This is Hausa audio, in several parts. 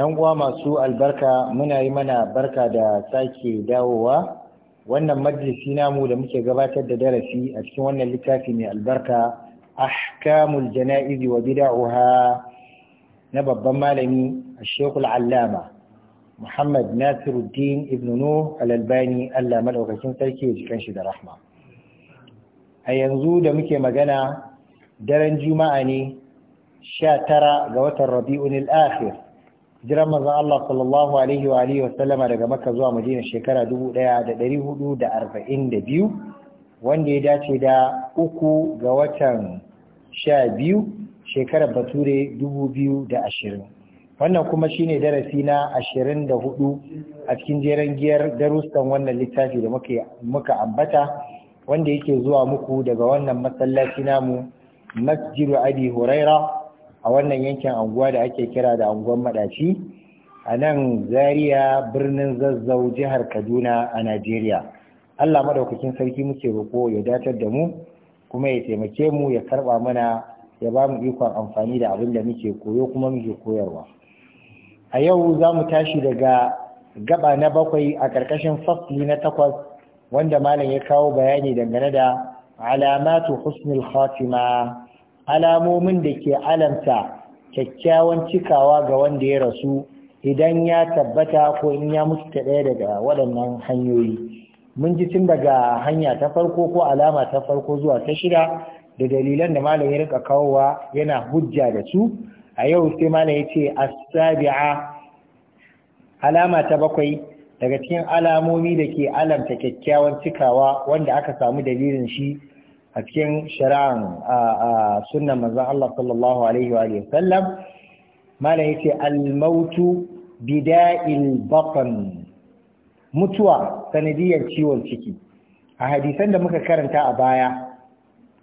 'yan uwa masu albarka muna yi mana barka da sake dawowa wannan majalisi namu da muke gabatar da darasi a cikin wannan littafi mai albarka ahkamul jana'izi wa bid'aha na babban malami shekul Allama Muhammad Nasiruddin Ibn Nuh Al-Albani Allah madaukakin sarki ya cikin shi da rahma a yanzu da muke magana daren juma'a ne 19 ga watan Rabiul Akhir jiran manzon Allah sallallahu alaihi wa alihi wasallama daga Makka zuwa Madina shekara 1442 wanda ya dace da uku ga watan 12 shekara Bature 2020 wannan kuma shine darasi na 24 a cikin jeran giyar darussan wannan littafi da muka ambata wanda yake zuwa muku daga wannan masallaci namu Masjidu Abi Huraira a wannan yankin anguwa da ake kira da anguwan madaci a nan zaria birnin zazzau jihar kaduna a najeriya allah madaukakin sarki muke roƙo ya datar da mu kuma ya taimake mu ya karba mana ya ba mu ikon amfani da abin da muke koyo kuma muke koyarwa a yau za mu tashi daga gaba na bakwai a ƙarƙashin fasli na takwas wanda malam ya kawo bayani dangane da alamatu husnul khatima alamomin da ke alamta kyakkyawan cikawa ga wanda ya rasu idan ya tabbata ko in ya mutu ta ɗaya daga waɗannan hanyoyi mun ji tun daga hanya ta farko ko alama ta farko zuwa ta shida da dalilan da malam ya rika kawowa yana hujja da su a yau sai malam ya ce asabi'a sabia alama ta bakwai daga cikin alamomi da ke alamta kyakkyawan cikawa wanda aka samu dalilin shi a cikin shari'an sunan manzon Allah sallallahu alaihi wa sallam malam yace al-mautu bida'il baqan mutuwa sanadiyar ciwon ciki a hadisan da muka karanta a baya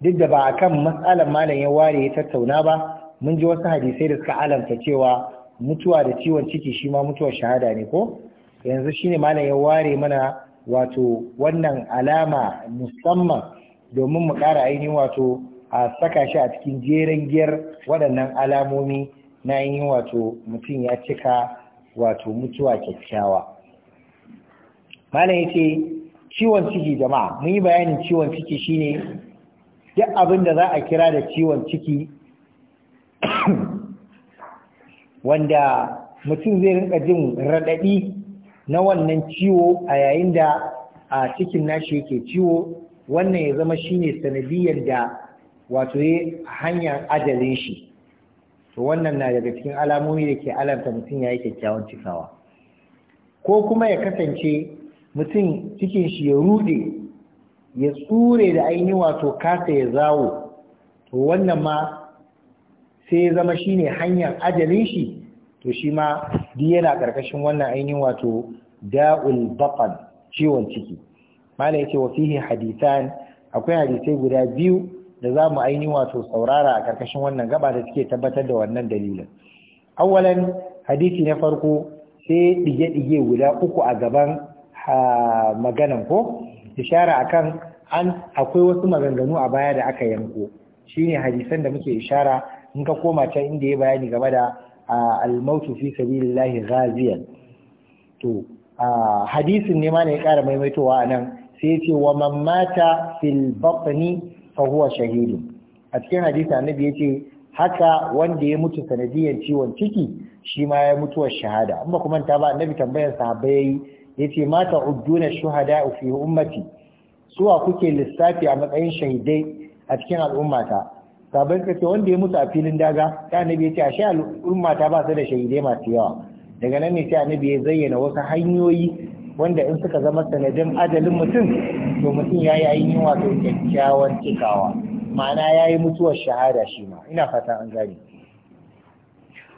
duk da ba akan matsalar malam ya ware ya tattauna ba mun ji wasu hadisai da suka alanta cewa mutuwa da ciwon ciki shi ma mutuwar shahada ne ko yanzu shine malam ya ware mana wato wannan alama musamman domin mu ƙara ainihin wato a saka shi a cikin jeren giyar waɗannan alamomi na ainihin wato mutum ya cika wato mutuwa kyakkyawa ya ce, ciwon ciki jama'a mun yi bayanin ciwon ciki shine duk abin da za a kira da ciwon ciki wanda mutum zai rinka jin raɗaɗi na wannan ciwo a yayin da a cikin nashi yake ciwo wannan ya zama shine sanadiyar da wato ya hanyar ajalin shi to wannan na daga cikin alamomi da ke alamta mutum ya yi kyakkyawan cikawa ko kuma ya kasance mutum cikin shi ya rude ya tsure da ainihin wato kasa ya zawo to wannan ma sai ya zama shine hanyar ajalin shi to shi ma duk yana ƙarƙashin wannan ainihin wato da'ul baqan ciwon ciki malam yace wa fihi hadithan akwai hadisai guda biyu da za mu aini wato saurara a karkashin wannan gaba da suke tabbatar da wannan dalilin awalan hadisi na farko sai ɗige-ɗige guda uku a gaban maganan ko ishara akan an akwai wasu maganganu a baya da aka yanko shine hadisan da muke ishara in ka koma can inda ya bayani game da al-mautu fi sabilillahi ghaziyan to hadisin ne ma ne ya kara maimaitowa nan? sai ce wa man mata fil batni fa huwa shahidu a cikin hadisi annabi yace haka wanda ya mutu sanadiyar ciwon ciki shi ma ya mutuwar shahada amma kuma ta ba annabi tambayar sahabbai yayi yace mata udduna shuhada fi ummati suwa kuke lissafi a matsayin shahidai a cikin al'ummata Sabon kace wanda ya mutu a filin daga ta annabi ya ce a shi al'ummata ba su da shahidai masu yawa daga nan ne sai annabi ya zayyana wasu hanyoyi wanda in suka zama sanadin ajalin mutum to mutum ya yi ainihin wato kyakkyawan cikawa ma'ana ya yi mutuwar shahada shi ma ina fata an gane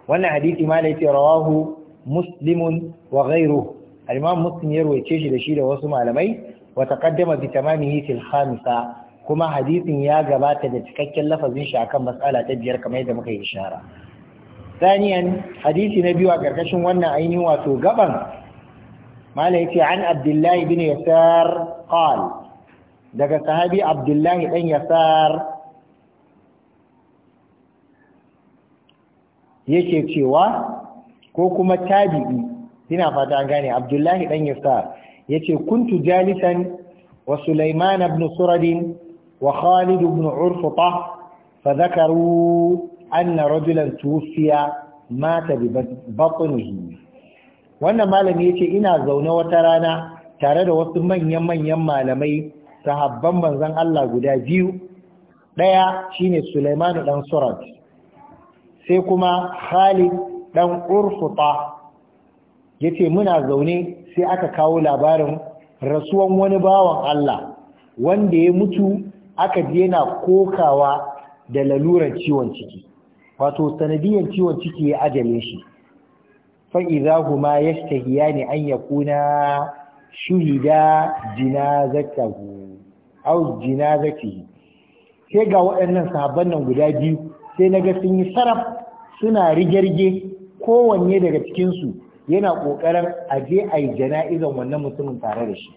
wannan hadisi ma da yake rawahu muslimun wa ghairu al-imam muslim ya shi da shi da wasu malamai wa taqaddama bi tamamihi fil khamisa kuma hadisin ya gabata da cikakken lafazin shi akan mas'ala ta biyar kamar yadda muka yi ishara ثانيا biyu نبي وقرقشن wannan عيني واتو قبن mala yace an abdullahi bin yasar qal daga sahabi abdullahi dan yasar yake cewa ko kuma tabi'i ina fata an gane abdullahi dan yasar yace kuntu jalisan wa sulaiman ibn surad wa khalid ibn urfuta فذكروا أن رجلا توفي مات ببطنه wannan malami yace ina zaune wata rana tare da wasu manyan manyan malamai habban manzon Allah guda biyu daya shine Sulaiman ɗan Surat sai kuma Khalid dan Urfuta yace muna zaune sai aka kawo labarin rasuwan wani bawan Allah wanda ya mutu aka je yana kokawa da lalurar ciwon ciki wato sanadiyan ciwon ciki ya ajale shi fa idza huma yashtahiyani an yakuna shuhida jinazatahu aw jinazatihi sai ga waɗannan sahabban nan guda biyu sai na ga sun yi saraf suna rigirge kowanne daga cikinsu yana ƙoƙarin aje a yi jana'izan wannan mutumin tare da shi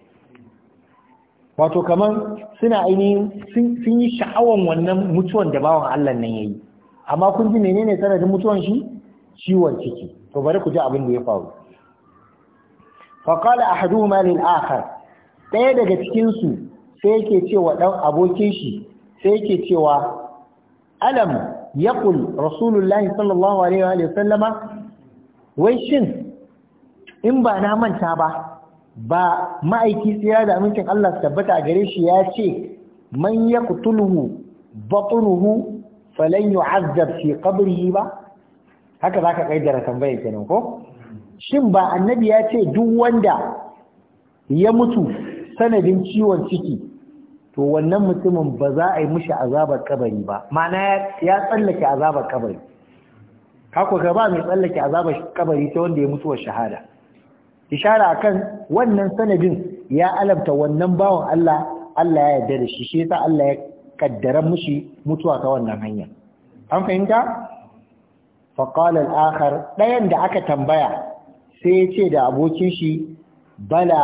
wato kamar suna ainihin sun yi sha'awan wannan mutuwan da bawan Allah nan ya yi amma kun ji menene sanadin mutuwan shi ciwon ciki to bari ku ji abin da ya faru fa qala ahaduhuma lil akhar ɗaya daga cikin su sai yake cewa dan abokin shi sai yake cewa alam yaqul rasulullahi sallallahu alaihi wa sallama wai shin in ba na manta ba ba ma'aiki tsira da amincin Allah tabbata a gare shi ya ce man yaqtuluhu batnuhu falan yu'azzab fi qabrihi ba haka za ka kaidara tambayar kenan ko shin ba annabi ya ce duk wanda ya mutu sanadin ciwon ciki to wannan mutumin ba za a yi mushi azabar kabari ba ma'ana ya tsallake azabar kabari kako ga ba mai tsallake azabar kabari ta wanda ya mutu wa shahada ishara akan wannan sanadin ya alamta wannan bawan Allah Allah ya yarda da shi shi yasa Allah ya kaddara mushi mutuwa ta wannan hanya an fahimta فقال akar ɗayan da aka tambaya sai ya ce da abokin shi bala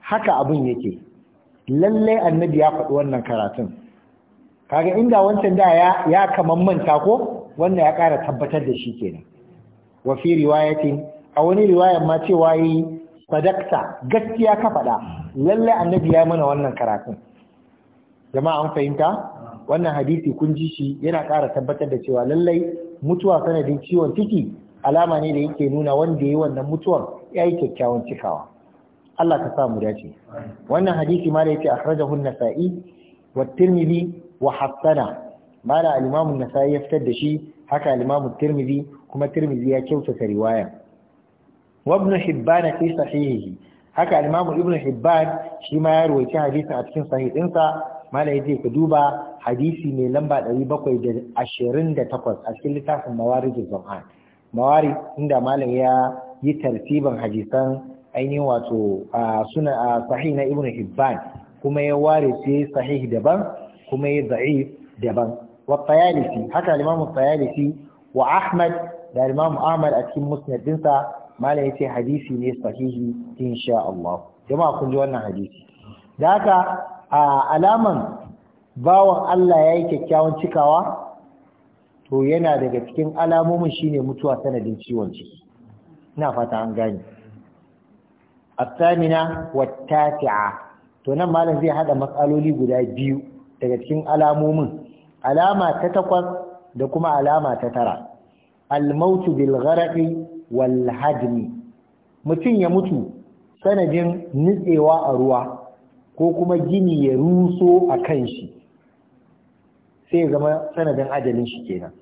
haka abin yake lallai annabi ya faɗi wannan karatun kaga inda wancan da ya ya kaman manta ko wannan ya ƙara tabbatar da shi kenan wa fi riwayatin a wani riwayar ma cewa yi sadakta gaskiya ka faɗa lallai annabi ya mana wannan karatun jama'a an fahimta wannan hadisi kun ji shi yana ƙara tabbatar da cewa lallai mutuwa sanadin ciwon ciki alama ne da yake nuna wanda yi wannan mutuwan ya yi kyakkyawan cikawa Allah ka samu dace wannan hadisi ma da yake akhrajahu an-nasa'i wa tirmidhi wa hasana ma da al-imam nasai ya fitar da shi haka al-imam tirmidhi kuma tirmidhi ya kyautata riwaya wa ibn hibban fi sahihihi haka al-imam ibn hibban shi ma ya rawaita hadisin a cikin sahihinsa ma da yake ka duba hadisi mai lamba 728 a cikin littafin da zam'an mawari inda malam ya yi tartiban hadisan ainihin wato suna sahih na ibnu hibban kuma ya ware sai sahih daban kuma ya da'if daban wa tayalisi haka al-imam wa ahmad da al ahmad a cikin dinsa, malam ce hadisi ne sahihi insha Allah jama'a kun ji wannan hadisi da haka alaman bawan Allah ya yi kyakkyawan cikawa to yana daga cikin alamomin shine mutuwa sanadin ciwon ciki ina fata an gane wa wattafi'a to nan malam zai haɗa matsaloli guda biyu daga cikin alamomin alama ta takwas da kuma alama ta tara almautu bil gharaqi wal mutum ya mutu sanadin nitsewa a ruwa ko kuma gini ya ruso a kan shi sai ya zama sanadin ajalin shi kenan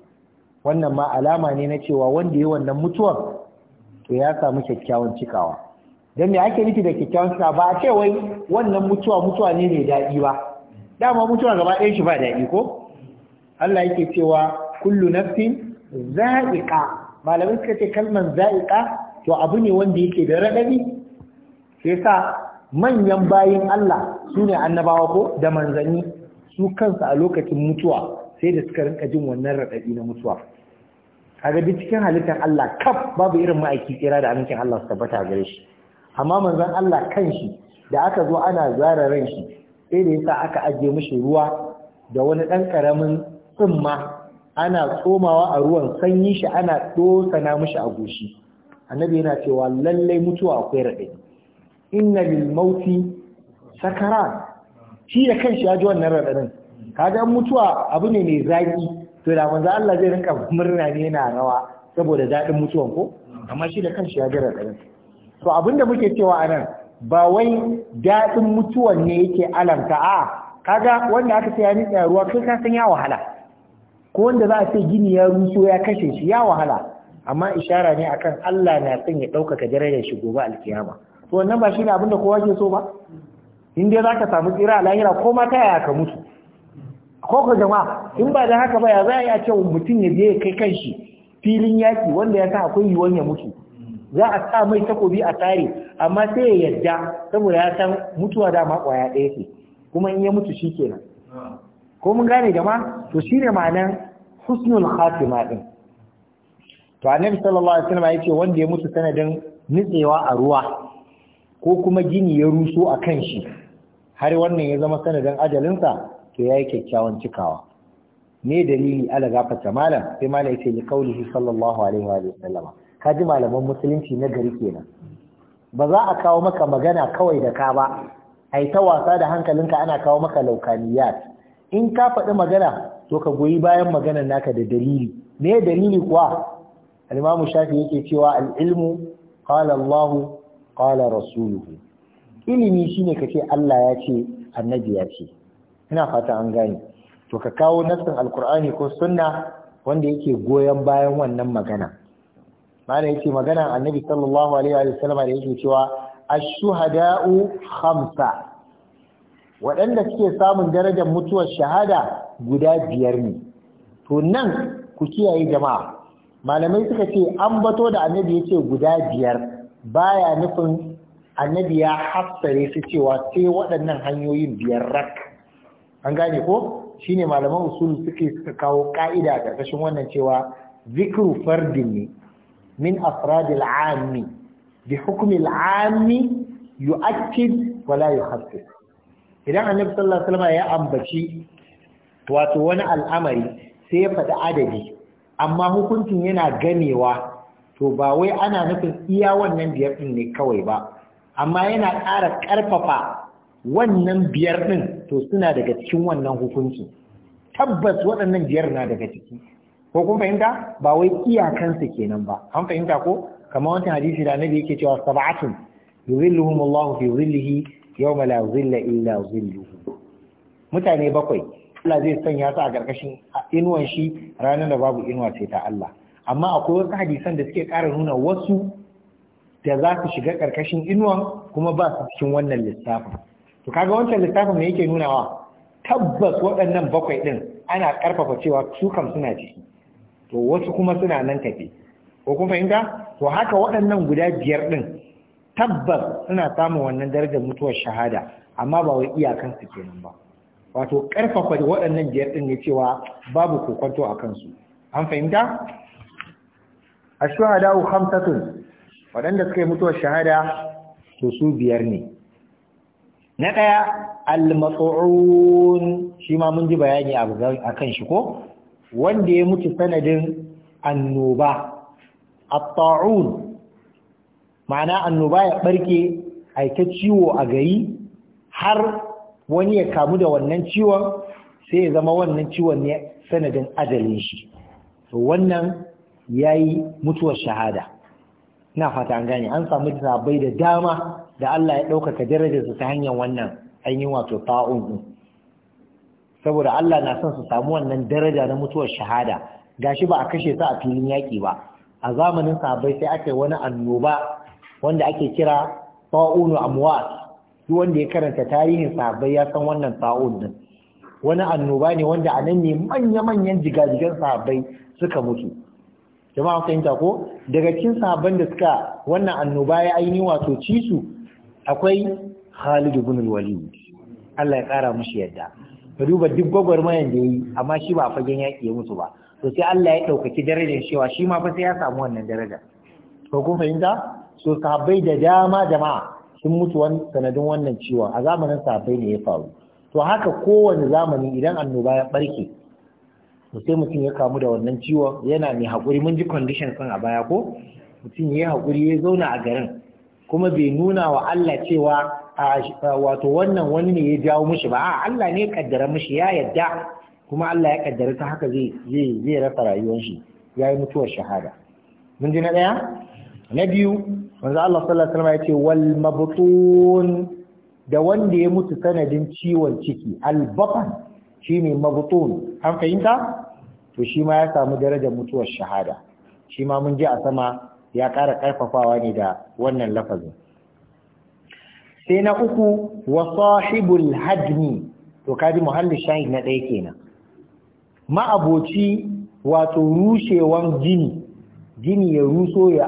wannan ma alama ne na cewa wanda ya wannan mutuwar to ya samu kyakkyawan cikawa don me ake nufi da kyakkyawan cikawa ba a ce wai wannan mutuwa mutuwa ne mai daɗi ba dama mutuwa gaba ɗaya shi ba daɗi ko Allah yake cewa kullu nafsin za'iqa malamai suka ce kalman za'iqa to abu ne wanda yake da raɗaɗi sai sa manyan bayin Allah sune annabawa ko da manzanni su kansa a lokacin mutuwa sai da suka rinka jin wannan raɗaɗi na mutuwa A gabi cikin halittar Allah kaf babu irin ma'aiki tsira da amincin Allah su tabbata gare shi amma manzon Allah kanshi da aka zo ana zara ran shi sai da yasa aka ajiye mishi ruwa da wani ɗan ƙaramin tsumma ana tsomawa a ruwan sanyi shi ana dosana mishi a goshi annabi yana cewa lallai mutuwa akwai raɗaɗi inna lil mauti sakara? shi da kanshi ya ji wannan Ka kaga mutuwa abu ne mai zaki to da manzo Allah zai rinka murna ne yana rawa saboda daɗin mutuwan ko amma shi da kanshi ya ji raɗarin to abinda muke cewa a nan, ba wai daɗin mutuwan ne yake alamta a kaga wanda aka saya ya nitsa ruwa kai ka san ya wahala ko wanda za a ce gini ya ruso ya kashe shi ya wahala amma ishara ne akan Allah na son ya ɗaukaka darajar shi gobe alkiyama to wannan ba shine abin da kowa ke so ba in dai zaka samu tsira a lahira ko ma ta yaya ka mutu ko ka jama'a in ba da haka ba ya za a yi a mutum ya je kai kanshi filin yaki wanda ya sa akwai yiwuwan ya mutu za a sa mai takobi a tare amma sai ya yarda saboda ya san mutuwa dama kwaya ɗaya ce kuma in ya mutu shi kenan ko mun gane jama'a to shine ma'anan husnul khatima din to annabi sallallahu alaihi wasallam yace wanda ya mutu sanadin nitsewa a ruwa ko kuma gini ya ruso a kan shi har wannan ya zama sanadin ajalinsa to ya yi kyakkyawan cikawa ne dalili ala gafarta malam sai malam yace li qaulihi sallallahu alaihi wa sallama kaji malaman musulunci na gari kenan ba za a kawo maka magana kawai da ka ba ai ta wasa da hankalinka ana kawo maka laukaniyat in ka faɗi magana to ka goyi bayan maganar naka da dalili me dalili kuwa al-imamu shafi yake cewa al-ilmu qala Allah qala rasuluhu ilimi shi ne ka ce Allah ya ce annabi ya ce ina fata an gane to ka kawo nassin alkur'ani ko sunna wanda yake goyon bayan wannan magana mana yake magana annabi sallallahu alaihi wa sallam da yake cewa ash-shuhada'u khamsa waɗanda suke samun darajar mutuwar shahada guda biyar ne to nan ku kiyaye jama'a malamai suka ce an bato da annabi yace guda biyar baya nufin annabi ya hassare su cewa sai waɗannan hanyoyin biyar rak an gane ko shine malaman usul suke suka kawo ka'ida a ƙarƙashin wannan cewa zikru fardin ne min afradil ammi bi hukmi yu yu'akkid wa la yuhaffif idan annabi sallallahu alaihi wasallam ya ambaci wato wani al'amari sai ya faɗi adadi amma hukuncin yana ganewa to ba wai ana nufin iya wannan biyar ɗin ne kawai ba amma yana ƙara ƙarfafa wannan biyar ɗin to suna daga cikin wannan hukunci tabbas waɗannan biyar na daga ciki ko kun fahimta ba wai iyakansa kenan ba an fahimta ko kamar wancan hadisi da annabi yake cewa sab'atun yuzilluhum Allah fi zillihi yawma la zilla illa zilluhu mutane bakwai Allah zai sanya su a ƙarƙashin inuwan shi ranar da babu inuwa sai ta Allah amma akwai wasu hadisan da suke ƙara nuna wasu da za su shiga ƙarƙashin inuwan kuma ba su cikin wannan lissafin to kaga wancan lissafin ne yake nunawa tabbas waɗannan bakwai ɗin ana ƙarfafa cewa su kam suna ciki to wasu kuma suna nan tafi ko kun fahimta to haka waɗannan guda biyar ɗin tabbas suna samun wannan darajar mutuwar shahada amma ba wai iyakan su kenan ba wato ƙarfafa waɗannan biyar ɗin ne cewa babu kokonto a kansu an fahimta ashuhada khamsatun waɗanda suka yi mutuwar shahada to su biyar ne na ɗaya almatsu'un shi ma mun ji bayani a kan shi ko wanda ya mutu sanadin annoba atta'un ma'ana annoba ya ɓarke aika ciwo a gari har wani ya kamu da wannan ciwon sai ya zama wannan ciwon ne sanadin ajalin shi to wannan ya yi mutuwar shahada ina fata an gane an samu sabai da dama da Allah ya ɗaukaka darajarsu ta hanyar wannan ainihin wato ta'un ɗin saboda Allah na son su samu wannan daraja na mutuwar shahada gashi ba a kashe su a filin yaƙi ba a zamanin sabai sai aka yi wani annoba wanda ake kira ta'unu amwat duk wanda ya karanta tarihin sabai ya san wannan ta'un din wani annoba ne wanda a nan ne manya-manyan jigajigan sabai suka mutu jama'a fahimta ko daga cikin sahabban da suka wannan annoba ya aini wato ci su akwai Khalid ibn al-Walid Allah ya kara mushi yadda ka duba duk mayan da yi amma shi ba fagen yaƙi ya mutu ba to sai Allah ya ɗaukaki darajar cewa shi ma fa sai ya samu wannan daraja ko kun fahimta so sahabbai da dama jama'a sun mutu sanadin wannan ciwon a zamanin sahabbai ne ya faru to haka kowane zamani idan annoba ya barke to sai mutum ya kamu da wannan ciwon yana mai haƙuri mun ji condition sun a baya ko mutum ya haƙuri ya zauna a garin kuma bai nuna wa Allah cewa wato wannan wani ne ya jawo mushi ba a Allah ne ya kaddara mushi ya yadda kuma Allah ya kaddara ta haka zai rasa rayuwar shi yi mutuwar shahada mun ji na ɗaya na biyu wanzu Allah sallallahu alaihi ya ce wal mabtun da wanda ya mutu sanadin ciwon ciki al shi ne mabutun an fahimta to shi ma ya samu darajar mutuwar shahada shi ma mun ji a sama ya ƙara ƙarfafawa ne da wannan lafazin sai na uku wa sahibul hadmi to kaji muhallin shahid na ɗaya kenan ma'aboci wato rushewan gini gini ya ruso ya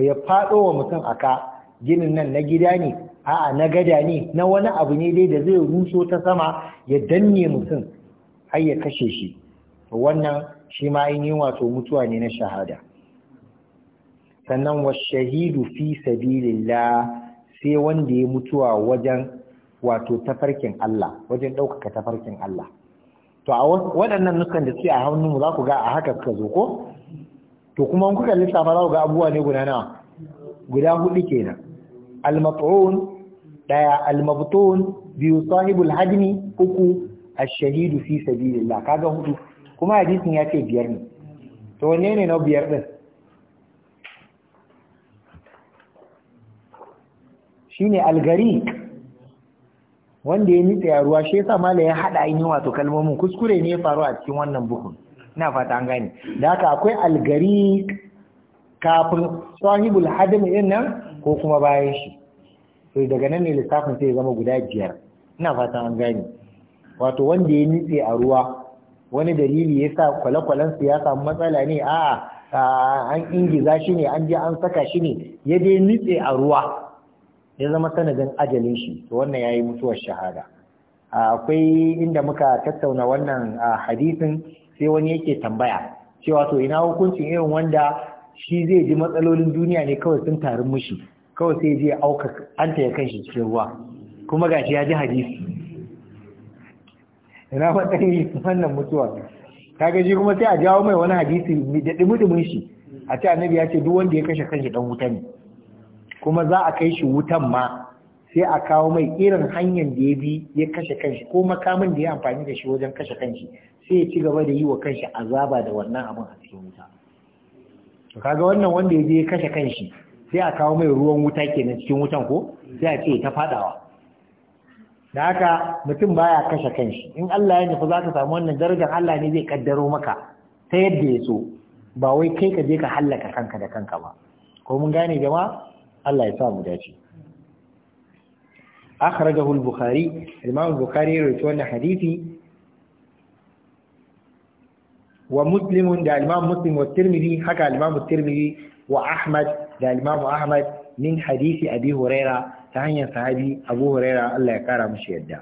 ya faɗo wa mutum aka ginin nan na gida ne a'a na gada ne na wani abu ne dai da zai ruso ta sama ya danne mutum har ya kashe shi to wannan shi ma yin wato mutuwa ne na shahada sannan wa shahidu fi sabilillah sai wanda ya mutuwa wajen wato tafarkin Allah wajen ɗaukaka tafarkin Allah to a waɗannan nukan da suke a hannunmu za ku ga a haka kuka zo ko to kuma kuka lissafa za ku ga abubuwa ne guda nawa guda hudu kenan al-mat'un daya al-mabtun biyu sahibul hadmi uku ash-shahidu fi sabilillah kaga hudu kuma hadisin ya ce biyar ne to wanne ne na biyar din shine al-gariq wanda ya nitsa ya ruwa shi yasa mala ya hada ainihin wato kalmomin kuskure ne ya faru a cikin wannan buhun ina fata an gane da haka akwai al-gariq kafin sahibul hadim din nan ko kuma bayan shi to daga nan ne lissafin sai ya zama guda biyar ina fata an gane wato wanda ya nitse a ruwa wani dalili ya sa kwale kwalen ya samu matsala ne a an ingiza shi ne an je an saka shi ne ya dai nitse a ruwa ya zama sanadin ajalin shi to wannan ya yi mutuwar shahada akwai inda muka tattauna wannan hadisin sai wani yake tambaya cewa to ina hukuncin irin wanda shi zai ji matsalolin duniya ne kawai sun taru mushi kawai sai je auka anta ya kan shi cikin ruwa kuma gashi ya ji hadisi ina matsayin wannan mutuwa kaga ji kuma sai a jawo mai wani hadisi da dumudumin shi a ce annabi ya ce duk wanda ya kashe kanshi dan wuta ne kuma za a kai shi wutan ma sai a kawo mai irin hanyar da ya bi ya kashe kanshi ko makamin da ya amfani da shi wajen kashe kanshi sai ya ci gaba da yi wa kanshi azaba da wannan abin a cikin wuta to kaga wannan wanda ya bi ya kashe kanshi sai a kawo mai ruwan wuta kenan cikin wutan ko sai a ce ta fadawa da haka mutum baya kashe kanshi in Allah ya nufi za ka samu wannan darajar Allah ne zai kaddaro maka ta yadda ya so ba wai kai ka je ka hallaka kanka da kanka ba ko mun gane jama'a Allah ya sa mu dace akhrajahu al-bukhari imam bukhari ya rawaito wannan hadisi wa muslim da imam muslim wa tirmidhi haka imam tirmidhi wa ahmad da imam ahmad min hadisi abi hurairah ta hanyar sahabi abu huraira Allah ya kara mushi yadda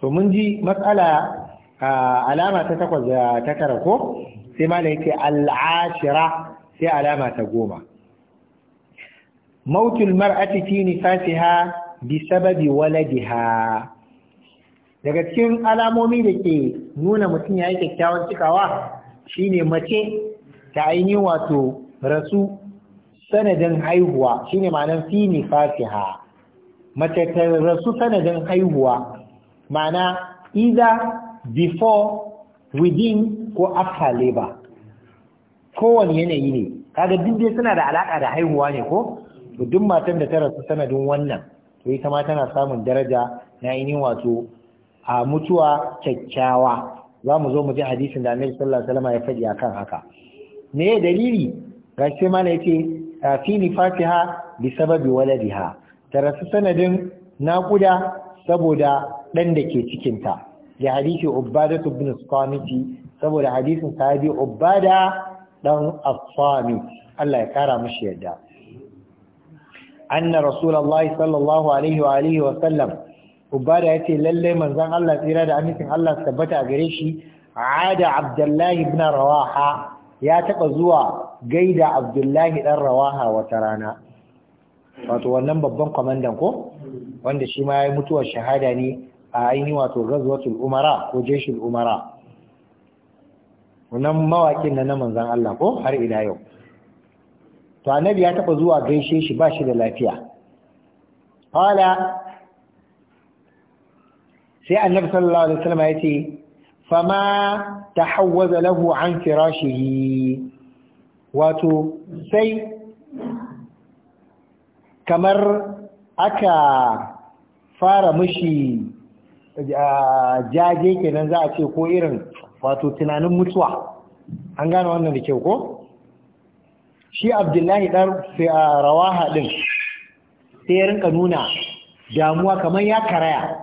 to mun ji matsala alama ta takwas da ta tara ko sai ma yake al'ashira sai alama ta goma mautul mar'ati fi nifasiha bi sababi waladiha daga cikin alamomi da ke nuna mutum ya yi kyakkyawan cikawa shine mace ta ainihin wato rasu sanadin haihuwa shine ma'anar fi Fatiha. mace ta rasu sanadin haihuwa ma'ana either before within ko after labor kowane yanayi ne kaga duk dai suna da alaka da haihuwa ne ko to duk matan da ta rasu sanadin wannan to ita ma tana samun daraja na ainihin wato a mutuwa kyakkyawa za mu zo mu ji hadisin da Annabi sallallahu alaihi wasallam ya faɗi akan haka me ya dalili gashi mana ya yace fi ni, nifatiha bi sababi waladiha ta rasu sanadin naƙuda saboda ɗan da ke cikinta da hadisi ubada ibn samiti saboda hadisin sahabi ubada dan as-samit Allah ya kara mashi yadda anna Rasulallah sallallahu alaihi wa alihi wa sallam ya ce, lalle manzon Allah tsira da amincin Allah tabbata a gare shi ada abdullahi ibn rawaha ya taɓa zuwa gaida abdullahi ɗan rawaha wata rana wato wannan babban kwamandan ko wanda shi ma ya yi mutuwar shahada ne a aini wato gazwatul umara ko jeshul umara wannan mawakin na na manzan Allah ko har ila yau to annabi ya taba zuwa gaishe shi ba shi da lafiya hala sai annabi sallallahu alaihi wasallam ya ce fama Ta tahawwaza lahu an firashihi wato sai kamar aka fara mishi jaje kenan za a ce ko irin wato tunanin mutuwa an gane wannan da kyau ko shi abdullahi ɗan rawa ɗin sai rinka nuna damuwa kamar ya karaya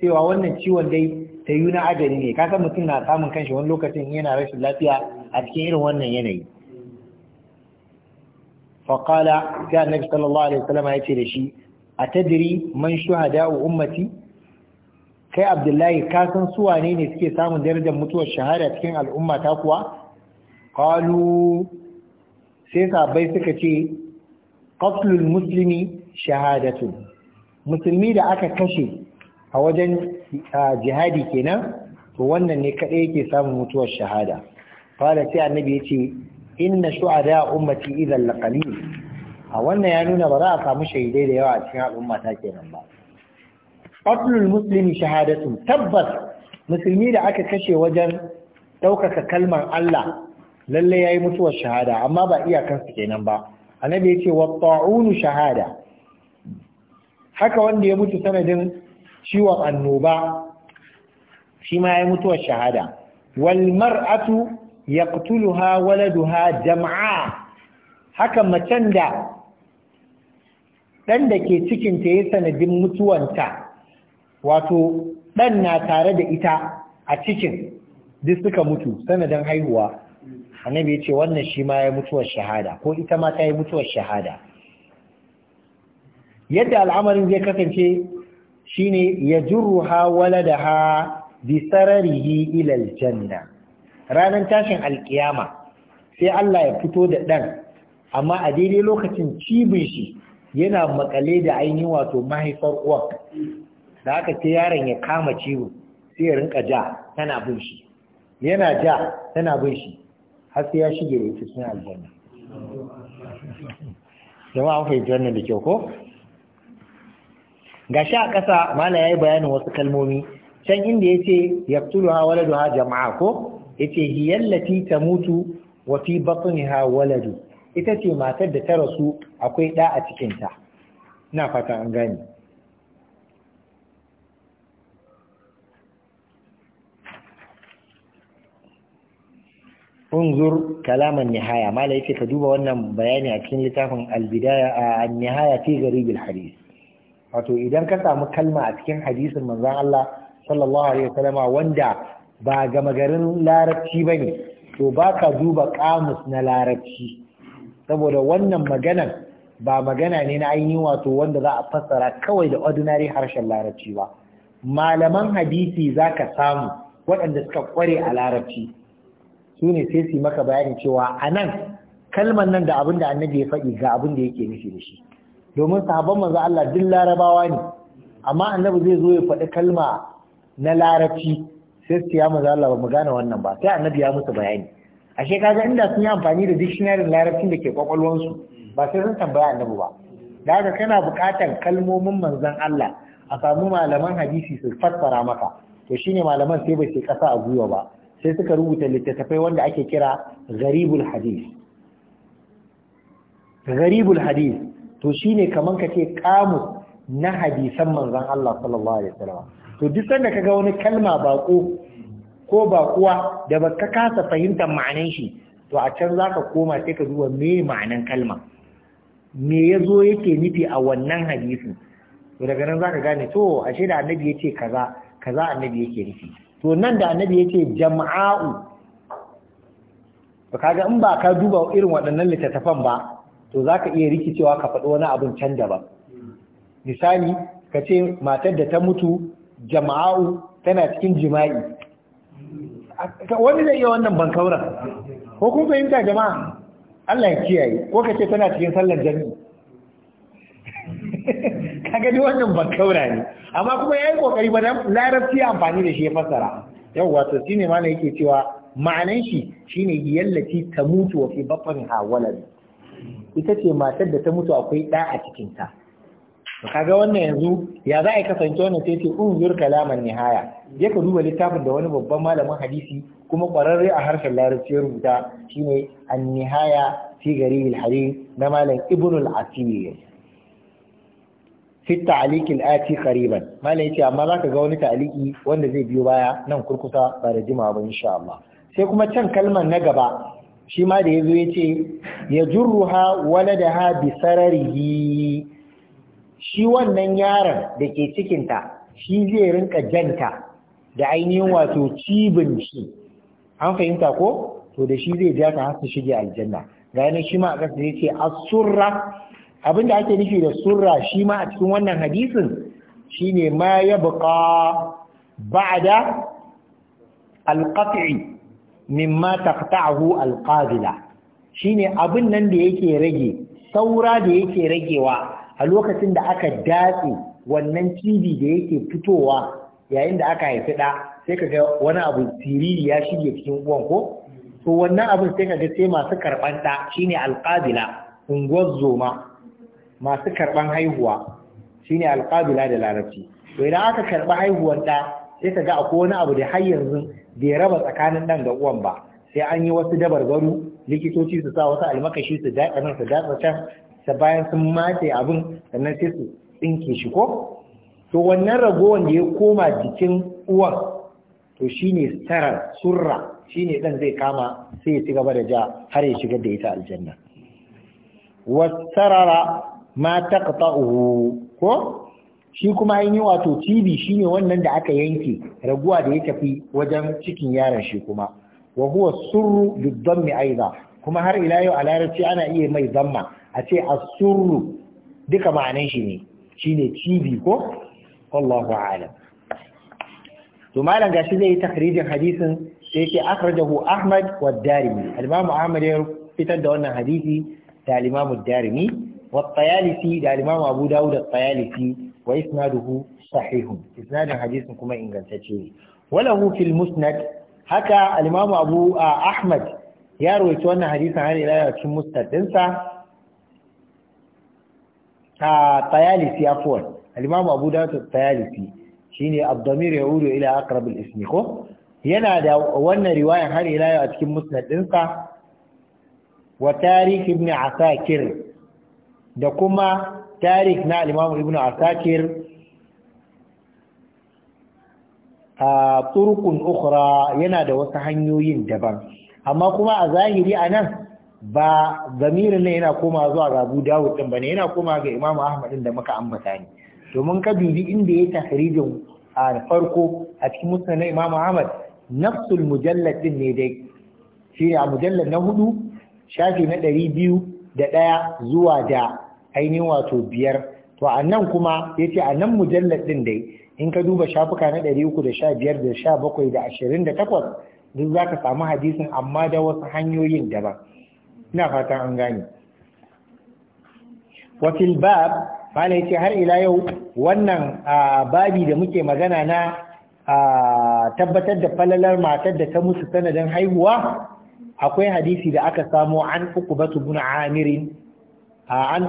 cewa wannan ciwon dai ta yi na ajali ne ka san mutum na samun kanshi wani lokacin yana rashin lafiya a cikin irin wannan yanayi faƙala sai annabi sallallahu alaihi wasallam ya ce da shi a tadiri man da'u ummati kai abdullahi ka san su wane ne suke samun darajar mutuwar shahada cikin al'umma ta kuwa qalu sai sabai suka ce qatlul musulmi shahadatu. musulmi da aka kashe a wajen jihadi kenan to wannan ne kadai yake samun mutuwar shahada fara sai annabi yace inna shu'ada ummati idan laqalil a wannan ya nuna ba za a samu shahidai da yawa a cikin al'umma ta kenan ba qatlul muslimi shahadatu tabbas musulmi da aka kashe wajen ɗaukaka kalmar Allah lalle yayi mutuwar shahada amma ba iyakansu kenan ba annabi yace wa ta'unu shahada haka wanda ya mutu sanadin ciwon annoba shi ma ya mutuwar shahada wal mar'atu yaqtuluha waladuha jam'a haka macen da ɗan da ke cikinta ya sanadin mutuwanta wato ɗan na tare da ita a cikin duk suka mutu sanadin haihuwa annabi ya ce wannan shi ma ya mutuwar shahada ko ita ma ta yi mutuwar shahada yadda al'amarin zai kasance shine da waladaha bi sararihi ila aljanna ranan tashin alkiyama sai Allah ya fito da ɗan, amma a daidai lokacin cibin shi yana makale da ainihin wato mahaifar uwan da aka ce yaron ya kama ciwo sai ya rinka ja tana bin shi yana ja tana bin shi har sai ya shige da cikin aljanna jama'a an da kyau ko gashi a ƙasa mala yi bayanin wasu kalmomi can inda ya ce yace waladu ha jama'a ko ya yace hiyallati mutu wa fi ha waladu ita ce matar da ta rasu akwai ɗa a cikinta na fata an gani unzur kalaman nihaya mala ce ka duba wannan bayani a cikin littafin albidaya a nihaya fi garibin hadis wato idan ka samu kalma a cikin hadisin manzon Allah sallallahu alaihi wasallama wanda ba gama garin larabci bane to baka duba kamus na larabci saboda wannan maganan ba magana ne na ainihin wato wanda za a fassara kawai da ordinary harshen larabci ba malaman hadisi zaka samu waɗanda suka kware a larabci Sune ne sai su yi maka bayanin cewa a nan kalmar nan da abin da annabi ya faɗi ga abin da yake nufi da shi domin sahabban manzo Allah duk larabawa ne amma annabi zai zo ya faɗi kalma na larabci sai su ya manzo Allah ba mu gane wannan ba sai annabi ya musu bayani ashe kaga inda sun yi amfani da dictionary larabcin da ke kwakwalwansu ba sai sun tambaya annabi ba da haka kana buƙatar kalmomin manzon Allah a samu malaman hadisi su fassara maka to shine malaman sai bai ce kasa a gwiwa ba sai suka rubuta littattafai wanda ake kira gharibul hadis gharibul hadis to shine kaman ka ce kamus na hadisan manzon Allah sallallahu alaihi wasallam to duk sanda kaga wani kalma bako ko bakuwa da baka kasa fahimtar ma'anan shi to a can zaka koma sai ka duba me ma'anan kalma me yazo yake nufi a wannan hadisin to daga nan zaka gane to ashe da annabi yace kaza kaza annabi yake nufi to nan da annabi yace jama'u to kaga in ba ka duba irin waɗannan littattafan ba to za ka iya rikicewa ka faɗi wani abin can daban misali ka ce matar da ta mutu jama'a'u tana cikin jima'i wani zai iya wannan bankauran ko kun fahimta jama'a Allah ya kiyaye ko ka ce tana cikin sallar jami'i ka gani wannan bankaura ne amma kuma ya yi ƙoƙari ba larabci amfani da shi ya fassara yau wato shi ne mana yake cewa ma'anan shi ne yallaci ta mutu wa fi batniha walad ita ce matar da ta mutu akwai ɗa a cikinta kaga wannan yanzu ya za a kasance wannan sai ce unzur kalaman nihaya ya ka duba littafin da wani babban malamin hadisi kuma kwararre a harshen larabci ya rubuta shine an nihaya fi gari ilhari na malam Ibrahim asir fi ta'liq al-ati qariban malam yace amma zaka ga wani taliki wanda zai biyo baya nan kurkusa ba da jimawa ba insha Allah sai kuma can kalmar na gaba shi ma da ya ce. ya jurruha waladaha bi sararihi shi wannan yaron da ke cikinta shi zai rinka janta da ainihin wato cibin shi an fahimta ko to da shi zai ja har su shige aljanna ga yanin shi ma a ƙasa zai ce asurra abinda ake nufi da surra shi ma a cikin wannan hadisin shine ma ya buƙa ba'da alqat'i mimma taqta'ahu alqabila shine abin nan da yake rage saura da yake ragewa a lokacin da aka datse wannan cibi da yake fitowa yayin da aka haifi ɗa sai ka ga wani abu siriri ya shige cikin uwan ko to wannan abin sai ka ga sai masu karɓan ɗa shine alƙabila unguwar zoma masu karɓan haihuwa shine alƙabila da larabci to idan aka karɓi haihuwar ɗa sai ka ga akwai wani abu da har yanzu bai raba tsakanin ɗan da uwan ba sai an yi wasu dabarbaru likitoci su sa wasu almakashi su daɗa nan su daɗa can ta bayan sun matse abin sannan sai su tsinke shi ko to wannan ragowar da ya koma jikin uwan to shi ne sarar surra shi ne ɗan zai kama sai ya ci gaba da ja har ya shigar da ita aljanna wasarara ma ka ko shi kuma ainihin wato cibi ne wannan da aka yanke raguwa da ya tafi wajen cikin yaron shi kuma wa surru lidhammi mi'aiza. kuma har ila yau a larabci ana iya mai zamma a ce as-surru duka ma'anan shi ne shine cibi ko wallahu a'lam to malam gashi zai yi takhrijin hadisin sai yake akhrajahu Ahmad wa Darimi al Ahmad ya fitar da wannan hadisi da al Darimi wa Tayalisi da al-Imam Abu Dawud da Tayalisi wa isnaduhu sahihun isnadin hadisin kuma ingantacce ne walahu fil musnad haka Alimamu abu abu ahmad ya rawaito wannan hadisan har ila yau cikin mustad a tayalisi afwan al abu dawud tayalisi shine ad ya wuri ila aqrab ismi ko yana da wannan riwayan har ila a cikin musnad wa tarikh ibn asakir da kuma tarikh na Alimamu ibn asakir a turkun ukhra yana da wasu hanyoyin daban amma kuma a zahiri a nan ba zamirin nan yana koma zuwa ga Abu Dawud din bane yana koma ga Imam Ahmad din da muka ambata ne domin ka dubi inda ya tahrijin a farko a cikin musnad Imam Ahmad nafsul mujallad din ne dai shi a mujallad na hudu shafi na ɗari biyu da ɗaya zuwa da ainihin wato biyar to a nan kuma yace ce a nan mujallad din dai in ka duba shafuka na 315 da 17 da 28 duk za ka samu hadisin amma da wasu hanyoyin daban ina fatan an gane wakil bab mana har ila yau wannan babi da muke magana na tabbatar da falalar matar da ta mutu sanadin haihuwa akwai hadisi da aka samo an uqbatu bin amirin an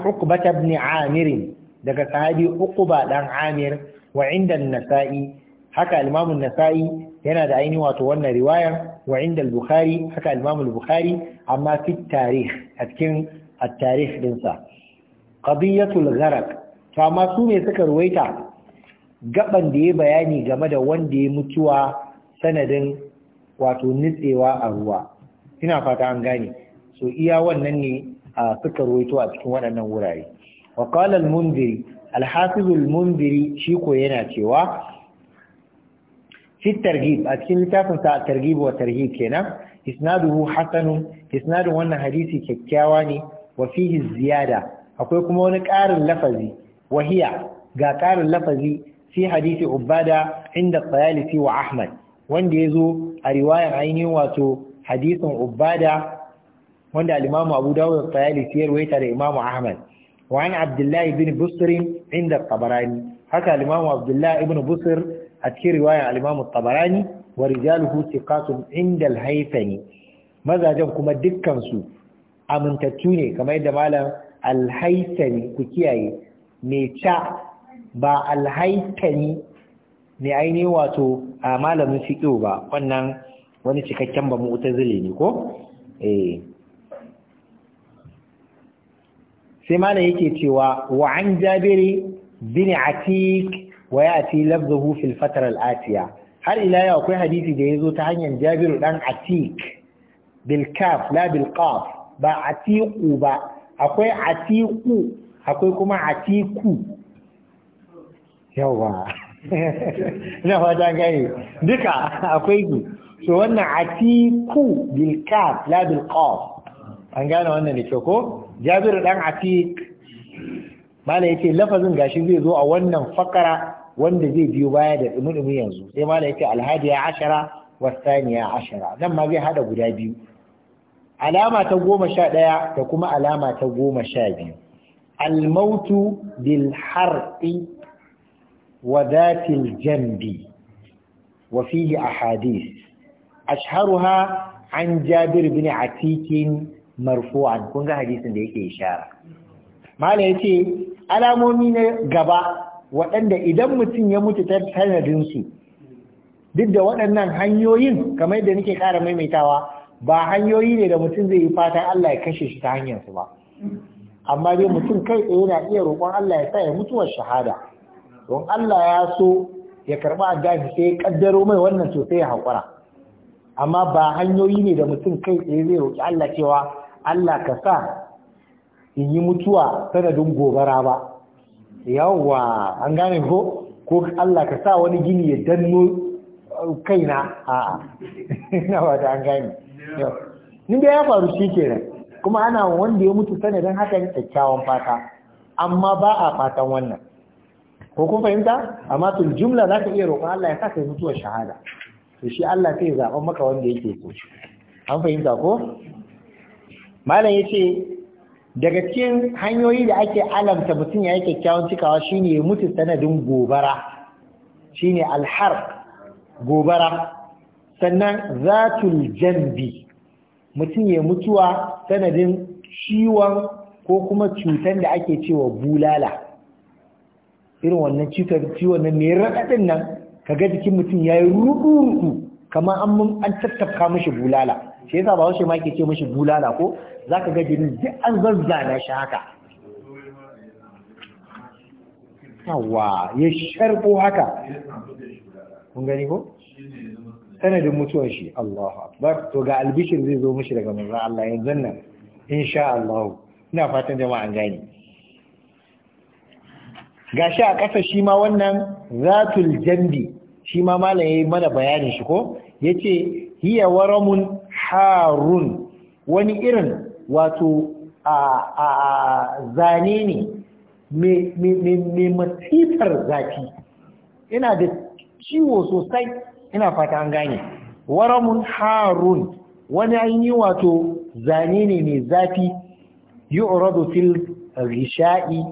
bin amirin daga sahabi uqba dan amir wa inda nasa'i haka al-imam an-nasa'i yana da aini wato wannan riwayar wa inda al-bukhari haka al-imam al-bukhari amma fi tarikh a cikin at-tarikh din sa qadiyatul gharq to amma su ne suka ruwaita gaban da ya bayani game da wanda ya mutuwa sanadin wato nitsewa a ruwa ina fata an gane so iya wannan ne suka ruwaito a cikin waɗannan wurare wa qala al alhafizul munziri shi ko yana cewa fi targhib a cikin littafin sa targhib wa tarhib kenan isnaduhu hasanun isnadun wannan hadisi kyakkyawa ne wa fihi ziyada akwai kuma wani ƙarin lafazi wahiya ga ƙarin lafazi fi hadisi ubada inda tsayalisi wa ahmad wanda ya zo a riwayar ainihin wato hadisin ubada wanda alimamu abu dawud tsayalisi ya ruwaita da imamu ahmad وعن عبد الله بن بصر عند الطبراني هكا الإمام عبد الله بن بصر أتكي رواية الإمام الطبراني ورجاله ثقات عند الهيثمي ماذا جمكم الدكا سوء أمن تتوني كما يدى مالا الهيثمي كتياي ميتشا با الهيثمي ne aini wato a malamin fiƙo ba wannan wani cikakken ba mu utazili ne ko eh sai malam yake cewa wa an jabiri bin atik wa Ati lafzuhu fil fatar al'atiya. har ila yau akwai hadisi da ya zo ta hanyar jabiru dan atik bil kaf la bil qaf ba atiku ba akwai atiku akwai kuma atiku yawa ina fata gani duka akwai su so wannan atiku bil kaf la bil qaf an gane wannan da kyau ko jabir dan Atik. mala yace lafazin gashi zai zo a wannan fakara wanda zai biyo baya da dumi yanzu sai mala yace alhadiya ashara wasaniya ashara nan ma zai hada guda biyu alama ta goma sha ɗaya da kuma alama ta goma sha biyu almautu bil harqi wa zatil jambi wa fihi ahadith ashharuha an jabir bin atikin marfu'an kun ga hadisin da yake ishara mala yace alamomi na gaba waɗanda idan mutum ya mutu ta sanadin su duk da waɗannan hanyoyin kamar yadda nake ƙara maimaitawa ba hanyoyi ne da mutum zai yi fata Allah ya kashe shi ta hanyar su ba amma dai mutum kai tsaye na iya roƙon Allah ya sa ya mutuwar shahada don Allah ya so ya karɓi addashi sai ya kaddaro mai wannan sosai ya haƙura amma ba hanyoyi ne da mutum kai tsaye zai roƙi Allah cewa Allah ka sa in yi mutuwa sanadin gobara ba yawwa an gane ko ko Allah ka sa wani gini ya danno uh, kaina a ina ba an gane ni da ya faru shi kenan kuma ana wanda ya mutu sanadin hakan kyakkyawan fata amma ba a fatan wannan ko kun fahimta amma tun jumla za ka iya roƙon Allah ya sa ka yi mutuwar shahada to shi Allah sai ya zaɓa maka wanda yake so an fahimta ko malam ya ce daga cikin hanyoyi da ake alamta mutum ya yi kyakkyawan cikawa shine ya mutu sanadin gobara shine alhar gobara sannan zatul jambi mutum ya mutuwa sanadin ciwon ko kuma cutar da ake cewa bulala irin wannan cutar ciwon nan mai raɗaɗin nan kaga jikin mutum ya yi ruɗu kamar an tattafka mashi bulala shi yasa ba washe ma ke ce mashi bulala ko zaka ga jini duk an zazzana shi haka yawa ya sharko haka kun gani ko sanadin mutuwar shi Allahu akbar to ga albishir zai zo mishi daga manzo Allah ya nan insha Allah ina fatan jama'a an gani gashi a ƙasa shi ma wannan zatul jambi shi ma malam yayi mana bayanin shi ko yace hiya waramun harun wani irin wato a zane ne mai matifar zafi ina da ciwo sosai ina fata an gane waramun harun wani an yi wato zane ne mai zafi yi fil risha'i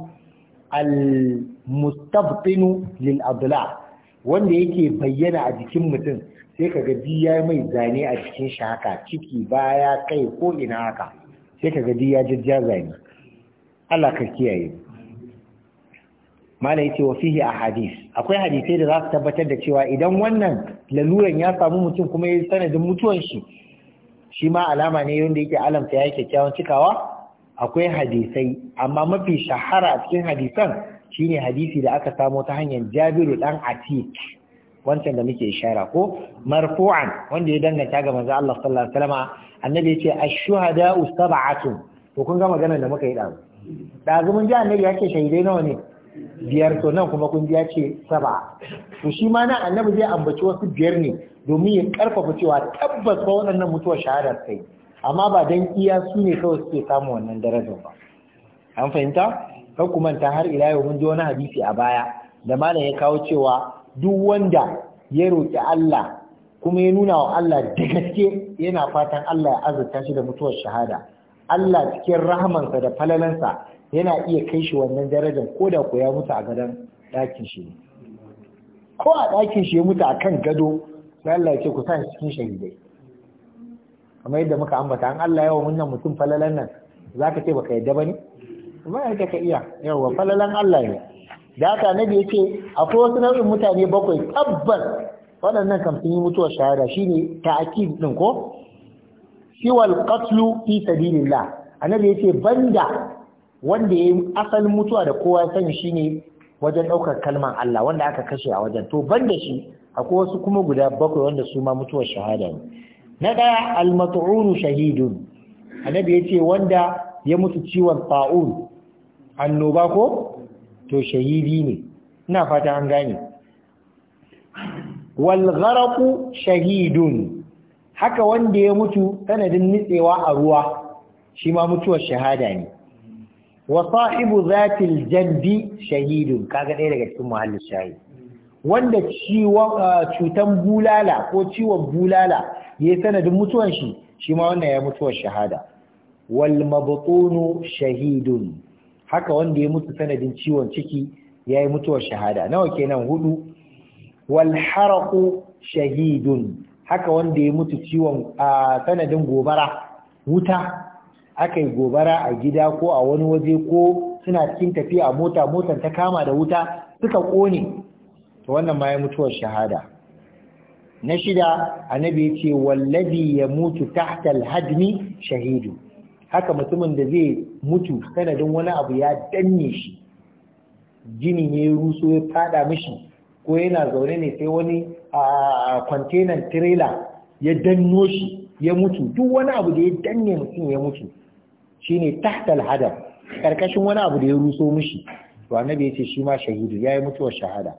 al-mustabtinu lil abdullah wanda yake bayyana a jikin mutum sai ka kaga ya mai zane a jikin shi haka ciki baya kai ko ina haka sai ka kaga ya jajja zane Allah ka kiyaye mala yace wa fihi hadis. akwai hadisai da za su tabbatar da cewa idan wannan laluran ya samu mutum kuma yayi sanadin mutuwan shi shi ma alama ne yadda yake alamta ya yake kyakkyawan cikawa akwai hadisai amma mafi shahara a cikin hadisan Shi ne hadisi da aka samo ta hanyar Jabiru ɗan Atik wancan da muke ishara ko marfu'an wanda ya danganta ga manzo Allah sallallahu alaihi wasallam annabi yace ash shuhada sab'atun to kun ga maganar da muka yi dazu dazu mun ji annabi yace shahidai nawa ne biyar to nan kuma kun ji yace saba to shi ma nan annabi zai ambaci wasu biyar ne domin ya karfafa cewa tabbas ba waɗannan mutuwar shahada kai amma ba dan iya su ne kawai suke samu wannan darajar ba an fahimta kan ku manta har ila yau mun ji wani hadisi a baya da malam ya kawo cewa duk wanda ya roƙi Allah kuma ya nuna wa Allah da gaske yana fatan Allah ya azurta shi da mutuwar shahada Allah cikin rahamansa da falalansa yana iya kai shi wannan darajar ko da ku ya mutu a gadon ɗakin shi ko a ɗakin shi ya mutu a kan gado sai Allah ya ce ku sa shi cikin shahidai kamar yadda muka ambata an Allah yawa wannan mutum falalan nan zaka ce baka yadda bane ne ba yadda ka iya yawa falalan Allah ne da aka nabi yake akwai wasu nau'in mutane bakwai tabbas waɗannan kam yi mutuwar shahada shine ta'kid ɗin ko siwal qatlu fi sabilillah annabi yace banda wanda yayi asalin mutuwa da kowa ya sani shine wajen daukar kalman Allah wanda aka kashe a wajen to banda shi akwai wasu kuma guda bakwai wanda su ma mutuwar shahada ne na daya al-mat'unu shahidun annabi yace wanda ya mutu ciwon fa'ul annoba ko to shahidi ne ina fata an gane wal gharaqu shahidun haka wanda ya mutu sanadin nitsewa a ruwa shi ma mutuwar shahada ne wa sahibu zatil jaddi shahidun kaga ɗaya daga cikin muhallin shahid wanda cutan bulala ko ciwon bulala ya yi sanadin mutuwar shi shi ma wannan ya mutuwar shahada wal mabtunu shahidun haka wanda ya mutu sanadin ciwon ciki ya yi mutuwar shahada nawa kenan hudu wal shahidun haka wanda ya mutu ciwon a sanadin gobara wuta aka yi gobara a gida ko a wani waje ko suna cikin tafiya a mota motar ta kama da wuta suka kone to wannan ma ya mutuwar shahada na shida annabi ya ce wallazi ya mutu tahta Hadmi shahidu haka mutumin da zai mutu sanadin wani abu ya danne shi jini ne ya ruso ya fada mishi ko yana zaune ne sai wani a kwantenan tirela ya danno shi ya mutu duk wani abu da ya danne mutum ya mutu shine tahtal hadar karkashin wani abu da ya ruso mishi to annabi yace shi ma shahidu yi mutuwar shahada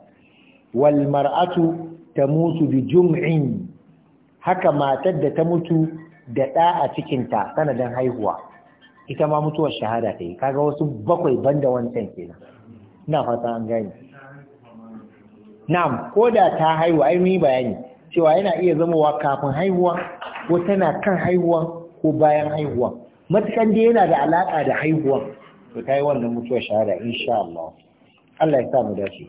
wal mar'atu mutu bi jum'in haka matar da ta mutu da ɗa a cikinta sanadin haihuwa ita ma mutuwar shahada ta yi kaga wasu bakwai banda wancan kenan ina fata an gani. na'am ko da ta haihu ai mun bayani cewa yana iya zamowa kafin haihuwa ko tana kan haihuwa ko bayan haihuwa matukan dai yana da alaka da haihuwa to ta wannan mutuwar shahada insha Allah Allah ya sa mu dace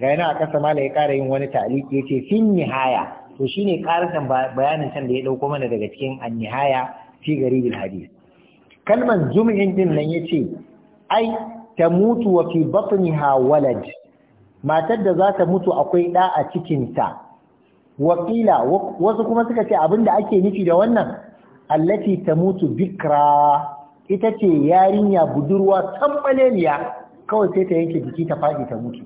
ga yana a ƙasa mala ya ƙara yin wani ta'aliki yace fin nihaya to shi ne karatan bayanin can da ya ɗauko mana daga cikin annihaya fi bil hadis kalmar jum'in din nan yace ai mutu wa fi batniha walad matar da za ta mutu akwai ɗa a ta. wakila wasu kuma suka ce abin da ake nufi da wannan allati ta mutu bikra ita ce yarinya budurwa tambaleliya kawai sai ta yanke jiki ta faɗi ta mutu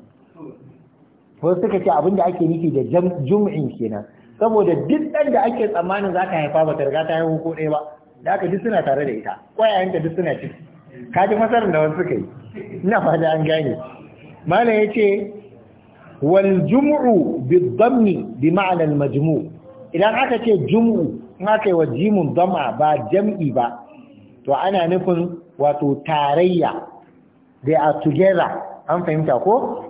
wasu suka ce abinda ake nufi da jum'in kenan saboda duk ɗan da ake tsammanin za ka haifa ba ta riga ta haihu ko ɗaya ba da aka duk suna tare da ita ƙwayayenta duk suna ci ka ji masarar da wasu suka yi ina fata an gane malam ya ce wal jum'u bi dhammi bi ma'anar majmu idan aka ce jum'u in aka yi wa jimun dhamma ba jam'i ba to ana nufin wato tarayya they are together an fahimta ko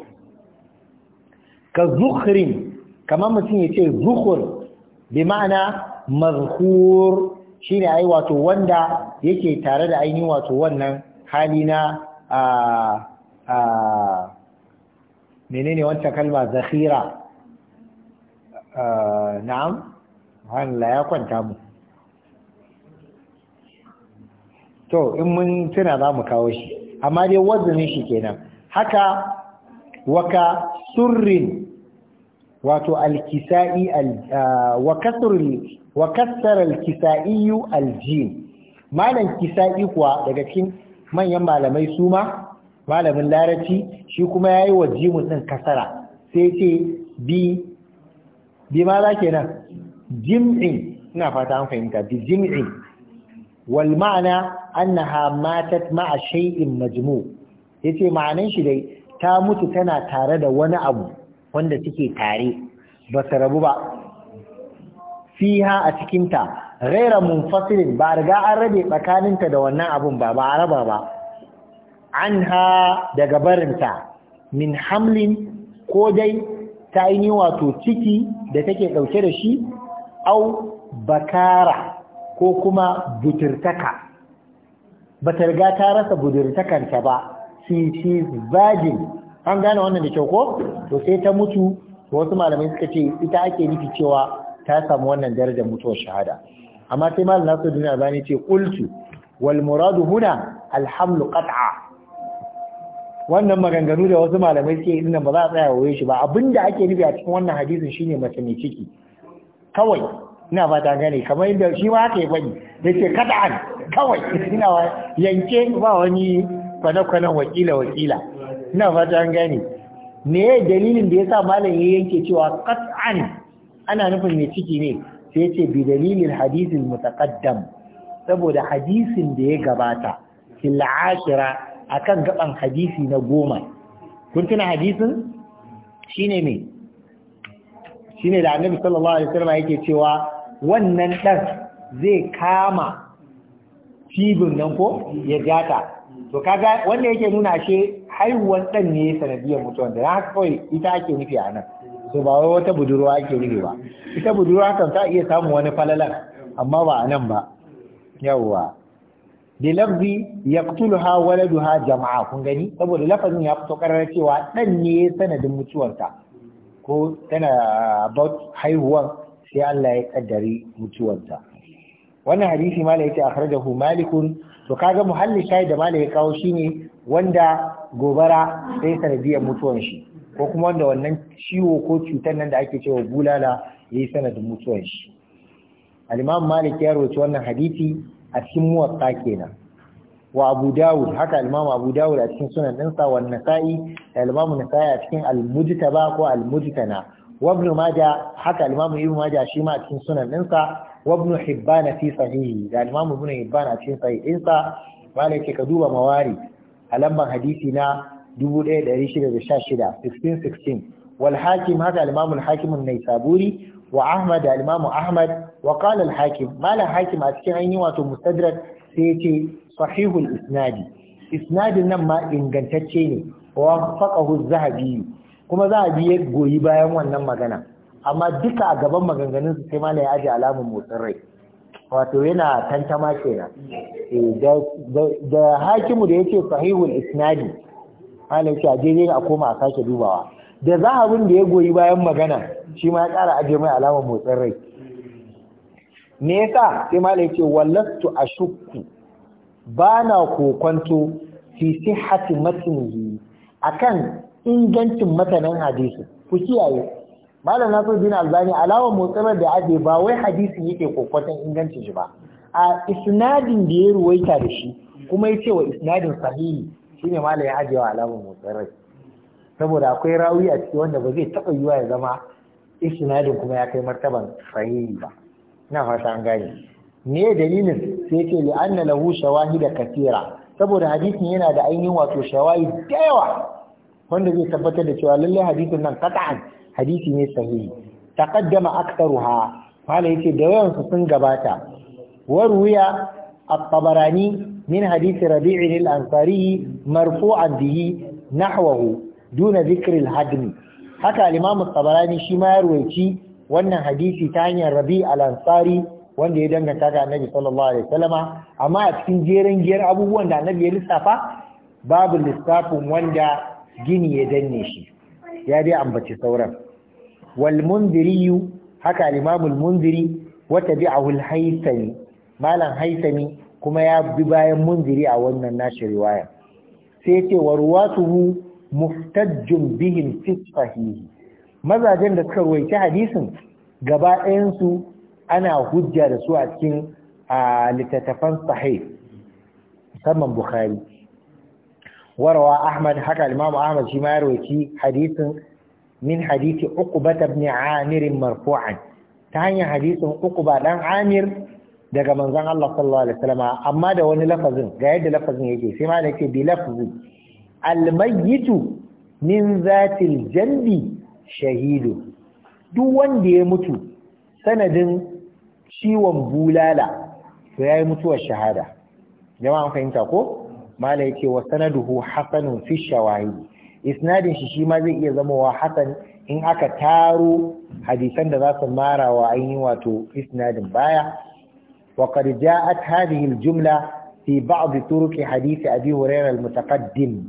ka zuhrin, kamar mutum ya ce zukhur bi ma'ana mazkur shine ai wato wanda yake tare da ainihin wato wannan hali na a a menene wancan kalma zakhira na'am Allah ya kwanta mu to in mun tuna za mu kawo shi amma dai wazanin shi kenan haka waka surrin wato al wa kasrul wa malam kisa'i kuwa daga cikin manyan malamai su ma malamin larabci shi kuma yayi wa jimun din kasara sai ce bi bi ma za nan. jim'in ina fata an fahimta bi jim'in wal ma'ana annaha matat ma'a shay'in majmu yace ma'anan shi dai ta mutu tana tare da wani abu wanda suke tare ba su rabu ba fiha a cikinta ghaira munfasilin ba riga an rabe tsakaninta da wannan abun ba ba a raba ba anha daga barinta min hamlin ko dai ta yi wato ciki da take ɗauke da shi au bakara ko kuma butirtaka ba ta riga ta rasa budurtakanta ba she is virgin an gane wannan da kyau ko to sai ta mutu wasu malamai suka ce ita ake nufi cewa ta samu wannan darajar mutuwar shahada amma sai malam nasu duniya bani ce kultu, wal muradu huna alhaml qat'a wannan maganganu da wasu malamai suke inda ba za a tsaya waye shi ba abinda ake nufi a cikin wannan hadisin shine mace mai ciki kawai ina fata gane kamar yadda shi ma haka ya faɗi yace kada'an kawai ina yanke ba wani kwana-kwanan wakila-wakila ina fatan an gane me ya dalilin da yasa sa malam ya yanke cewa qat'an ana nufin mai ciki ne sai ce bi dalilin hadisin mutaqaddam saboda hadisin da ya gabata fil ashira akan gaban hadisi na goma kun tuna hadisin shine me shine da annabi sallallahu alaihi wasallam yake cewa wannan dan zai kama cibin nan ko ya jata to kaga wanda yake nuna shi. haihuwan ɗan ne sanadiyar mutuwan da haka kawai ita ake nufi a nan so ba wai wata budurwa ake nufi ba ita budurwa kan ta iya samun wani falalar amma ba a nan ba yawwa da lafzi waladu ha jama'a kun gani saboda lafazin ya fito karar cewa ɗan ne sanadin mutuwarta ko tana about haihuwan sai Allah ya kaddari mutuwarta wannan hadisi ma ya akhrajahu malikun to kaga muhallin shayi da malaka ya kawo shine wanda gobara sai sanadiyar mutuwan shi ko kuma wanda wannan ciwo ko cutar nan da ake cewa bulala ya yi sanadin mutuwan shi alimam malik ya roci wannan hadithi, a cikin muwatta kenan wa abu dawud haka alimam abu dawud a cikin sunan dinsa wa nasa'i da alimam nasa'i a cikin al ba ko al na. wa ibn haka alimam ibn majah shi ma a cikin sunan dinsa wa ibn hibban fi sahihi da imam ibn hibban cikin sahihin ce ka duba mawari a lambar hadisi na 1616 1616 wal hakim haka al hakim naisaburi wa ahmad da ahmad Wakalal hakim Malam hakim a cikin ainihin wato mustadrak sai ce sahihul isnadi isnadin nan ma ingantacce ne wa faqahu az-zahabi kuma zahabi ya goyi bayan wannan magana amma duka a gaban maganganunsu su sai mala ya aje alamun motsin rai wato yana tantama kenan eh, da hakimu da yace sahihul isnadi mala yace a je a koma a sake dubawa da zahabin da ya goyi bayan magana shi ma ya kara aje mai alamun motsin rai me yasa sai mala yace wallastu ashukku bana kokonto fi sihhati matnihi akan ingancin matanan hadisi ku kiyaye malam nasir bin alzani alawar motsalar da ake ba wai hadisin yake kokwatan ingancin shi ba a isnadin da ya ruwaita da shi kuma ya ce wa isnadin sahihi shine malam ya ajiye wa alawar motsalar saboda akwai rawi a ciki wanda ba zai taɓa yiwa ya zama isnadin kuma ya kai martaban sahihi ba ina fata an gane me dalilin sai ce li'anna lahu da katira saboda hadisin yana da ainihin wato shawahi da yawa wanda zai tabbatar da cewa lallai hadisin nan kata'an hadisi ne sahihi taqaddama aktsaruha mala yace da yawan su sun gabata warwiya at-tabarani min hadisi rabi'i al-ansari marfu'an bihi nahwahu duna dhikri al-hadmi haka al-imam at-tabarani shi ma yarwaci wannan hadisi ta hanyar rabi' al-ansari wanda ya danganta ga annabi sallallahu alaihi wasallama amma a cikin jerin giyar abubuwan da annabi ya lissafa babu lissafin wanda gini ya danne shi ya dai ambaci sauran wal mundiri haka limamul mundiri wata a haitami malam haitami kuma ya bi bayan mundiri a wannan nashi riwaya sai ce wa ruwatuhu muftajjun bihim fi sahihi mazajen da suka ruwaici hadisin gaba ɗayan ana hujja da su a cikin littattafan sahih musamman bukhari warawa ahmad haka imamu ahmad shi ya ruwaici hadisin min hadisi uqba ibn amir marfu'an ta hanyar hadisin uqba dan amir daga manzon Allah sallallahu alaihi wasallam amma da wani lafazin ga yadda lafazin yake sai ma yake bi lafzi al mayyitu min zatil jambi shahidu duk wanda ya mutu sanadin ciwon bulala to yayi mutuwar shahada jama'an fahimta ko mala yake wa sanaduhu hasanun fi shawahidi isnadin shi shi ma zai iya zama wa hasan in aka taro hadisan da za su mara wa ainihin wato isnadin baya wa qad ja'at hadhihi al-jumla fi ba'd turuq hadith abi hurairah al-mutaqaddim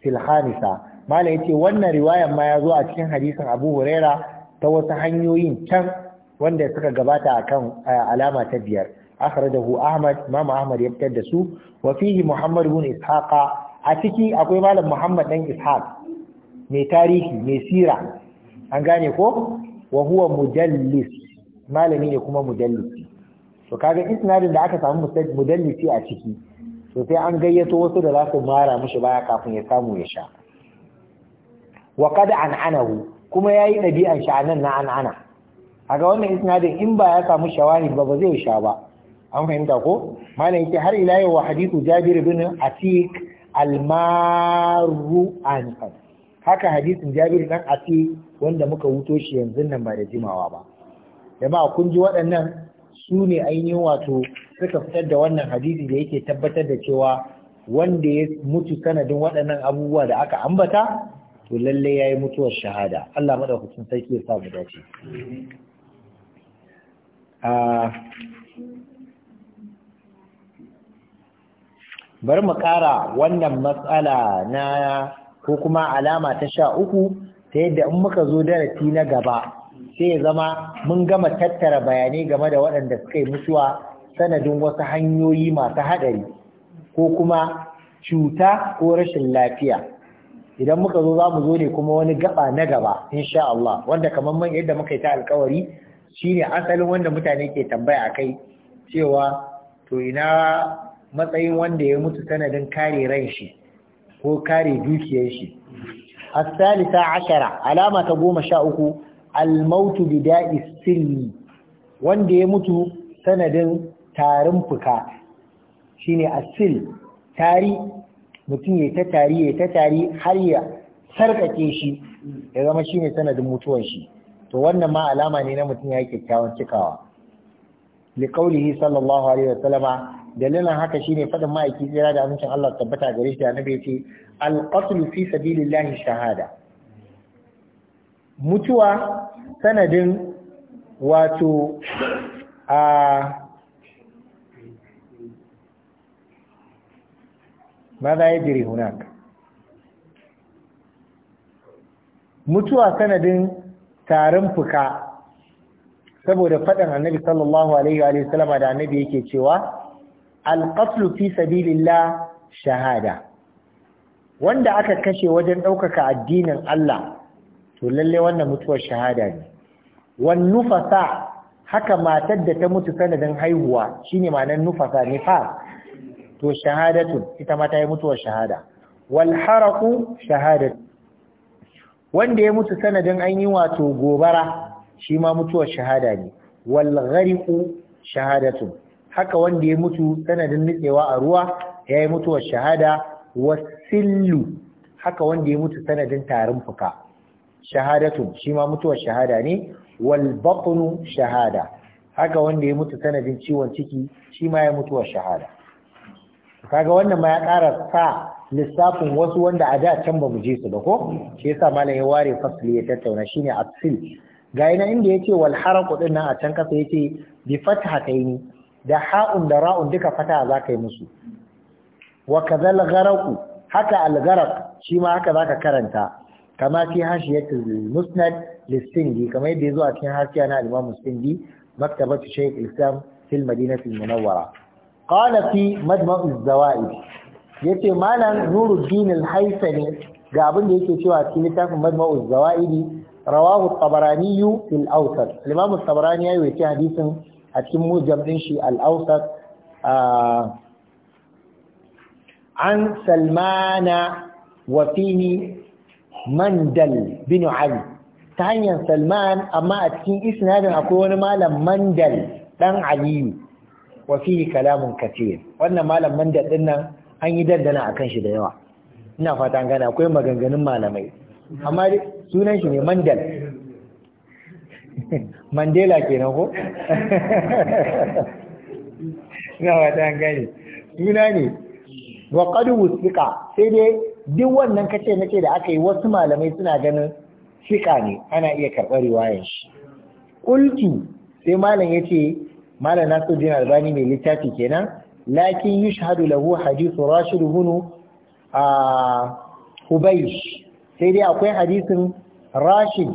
fil khamisa mala yace wannan riwayar ma ya zo a cikin hadisin abu hurairah ta wasu hanyoyin can wanda suka gabata akan alama ta biyar akhrajahu ahmad imam ahmad ya fitar da su wa fihi muhammad ibn ishaqa a ciki akwai malam muhammad dan ishaq mai tarihi mai sira an gane ko wa huwa mujallis malami ne kuma mujallisi to kaga isnadin da aka samu mujallisi a ciki to sai an gayyato wasu da za su mara mishi baya kafin ya samu ya sha wa qad an'anahu kuma yayi dabi'an shi anan na an'ana kaga wannan isnadin in ba ya samu shawahid ba ba zai sha ba an fahimta ko malam yake har ila yau wa hadithu jabir bin atiq almaru anifan haka hadisin jabiru dan ati wanda muka wuto shi yanzu nan ba da jimawa ba jama'a kun ji waɗannan su ne ainihin wato suka fitar da wannan hadisi da yake tabbatar da cewa wanda ya mutu sanadin waɗannan abubuwa da aka ambata to lalle yayi mutuwar shahada Allah madaukakin sarki ya sa mu dace ah, bari mu ƙara wannan matsala na ko kuma alama ta sha uku ta yadda in muka zo darasi na gaba sai ya zama mun gama tattara bayanai game da waɗanda suka yi mutuwa sanadin wasu hanyoyi masu haɗari ko kuma cuta ko rashin lafiya idan muka zo za mu zo ne kuma wani gaba na gaba insha Allah wanda kamar man yadda muka yi ta alkawari shine asalin wanda mutane ke tambaya akai cewa to ina matsayin wanda ya mutu sanadin kare ran shi ko kare dukiyar shi Asalisa ashara alama ta goma sha uku almautu mautu silmi wanda ya mutu sanadin tarin fuka shine asil tari mutum ya ta tari ya ta tari har ya sarkake shi ya zama shine sanadin mutuwar shi to wannan ma alama ne na mutum ya yi kyakkyawan cikawa Likaulihi sallallahu alaihi wasallama dalilin haka shine faɗin ma'aiki tsira da amincin Allah tabbata gare shi da annabi yace al-qatl fi sabilillahi shahada mutuwa sanadin wato a ماذا يجري هناك mutuwa sanadin tarin fuka saboda fadin annabi sallallahu alaihi wa sallama da annabi yake cewa alƙaslu fi sabilillah shahada wanda aka kashe wajen ɗaukaka addinin Allah to lalle wannan mutuwar shahada ne wan nufasa haka matar da ta mutu sanadin haihuwa shine ma'anar nufasa fa to shahadatun ita ma ta yi mutuwar shahada wal haraqu shahadatun wanda ya mutu sanadin an yi wato gobara shi ma mutuwar shahada ne wal ghariqu shahadatun haka wanda ya mutu sanadin nitsewa a ruwa ya yi mutuwar shahada wasillu haka wanda ya mutu sanadin tarin fuka shahadatu shi ma mutuwar shahada ne wal shahada haka wanda ya mutu sanadin ciwon ciki shi ma ya mutuwar shahada kaga wannan ma ya kara sa lissafin wasu wanda a da can ba mu je su ba ko shi yasa malam ya ware fasli ya tattauna shine asil ga ina inda yace wal haraqu din nan a can kasa yace bi fathataini da ha'un da ra'un duka fata za ka yi musu wa kazal gharaqu haka al shi ma haka zaka karanta kama fi hashiyatul musnad lisindi Kama yadda yazo a cikin hashiya na al-Imam Musindi maktabatu Shaykh Islam fil Madinati al-Munawwara qala fi majma' Ya ce yace malam Nuruddin haifa ne. ga abin da yake cewa cikin littafin majma' az-zawaid rawahu at-Tabarani fil Awsat al-Imam ya yi hadisin a cikin mujam din shi al-awsat an salmana wa fini mandal bin ali ta hanyar salman amma a cikin isnadin akwai wani malam mandal dan aliyu wa fihi kalamun katir wannan malam mandal din nan an yi dandana akan shi da yawa ina fatan gane akwai maganganun malamai amma sunan shi ne mandal mandela kenan ko na wata gani suna ne wa ƙadu sai dai duk wannan kace nace da aka yi wasu malamai suna ganin sika ne ana iya karɓar riwayar shi Ƙulki sai malam ya ce malam jin Albani mai littafi kenan lakin shahadu lahu hadisu Rashidu, ibn a ah, Hubaish. sai dai akwai hadisin Rashid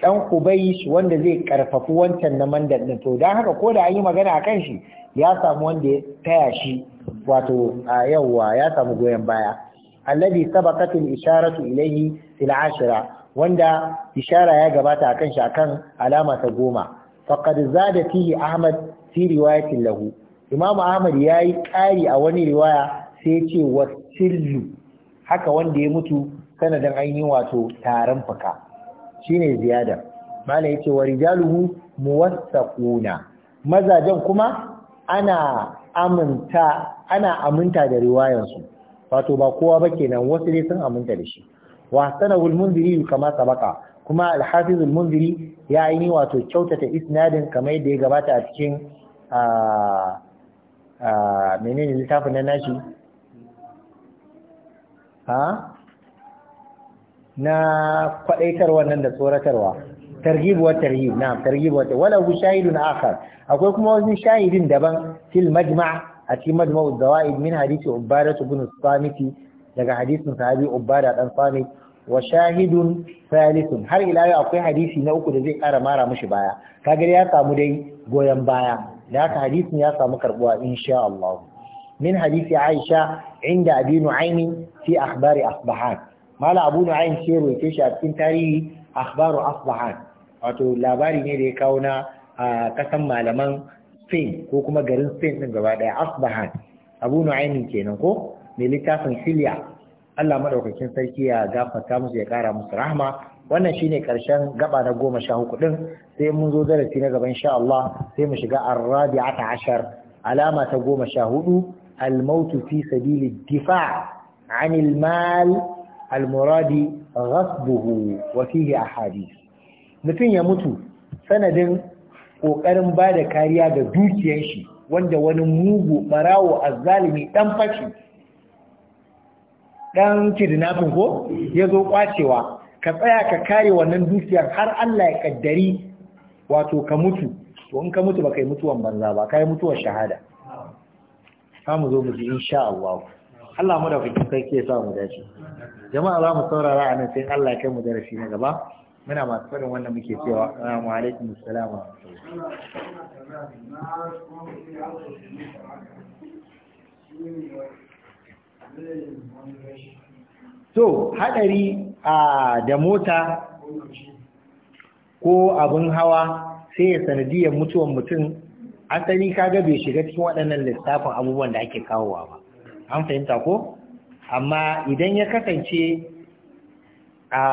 dan Hubaysh wanda zai karfafi wancan na mandan din to dan haka ko da an yi magana akan shi ya samu wanda ya taya shi wato yauwa ya samu goyon baya alladhi sabaqat al-isharatu ilayhi fil ashira wanda ishara ya gabata akan shi akan alama ta goma faqad zada fihi Ahmad fi riwayati lahu Imam Ahmad yayi kari a wani riwaya sai ya ce wasillu haka wanda ya mutu sanadin ainihin wato tarin fuka shine ziyada ya yace wa rijaluhu muwassaquna mazajen kuma ana aminta ana aminta da riwayansu wato ba kowa ba kenan wasu ne sun aminta da shi wa sanahu al kama sabaka kuma al-hafiz al-munziri ya yi wato kyautata isnadin kamar yadda ya gabata a cikin menene littafin na nashi ha na kwadaitarwa nan da tsoratarwa targhib wa tarhib na'am targhib wa wala hu shahidun akhar akwai kuma wani shahidin daban fil majma' a cikin majma'u zawaid min hadisi ubada ibn samit daga hadisin sahabi ubada dan samit wa shahidun thalithun har ila yau akwai hadisi na uku da zai kara mara mishi baya kaga ya samu dai goyon baya da haka hadisin ya samu karbuwa insha Allah min hadisi Aisha inda abinu Nu'aym fi akhbari asbahan mala abu ayin ce roke shi a cikin tarihi akhbaru asbahan wato labari ne da ya kawo na kasan malaman Spain ko kuma garin Spain din gaba daya asbahan abu ayin kenan ko mai littafin filia Allah madaukakin sarki ya gafarta musu ya kara musu rahma wannan shine karshen gaba na goma sha hudu din sai mun zo darasi na gaban insha Allah sai mu shiga ar-rabi'ata ashar alama ta goma sha hudu al-mautu fi sabili difa' anil mal Almuradi muradi ghasbuhu wa fihi ahadith mutum ya mutu sanadin kokarin bada kariya ga dukiyar shi wanda wani mugu barawo azzalimi dan fashi dan kidnapin ko yazo kwacewa ka tsaya ka kare wannan dukiyar har Allah ya kaddari wato ka mutu to in ka mutu ba kai mutuwan banza ba kai mutuwar shahada za mu zo mu ji insha Allah Allah mu da fikin kai ke sa mu dace jama'a za mu saurara a nan sai Allah ya kai mu darasi na gaba muna masu faɗin wanda muke cewa assalamu alaikum assalamu to hadari a da mota ko abin hawa sai ya sanadiyar mutuwan mutum asali kaga bai shiga cikin waɗannan lissafin abubuwan da ake kawowa ba an fahimta ko amma idan ya kasance a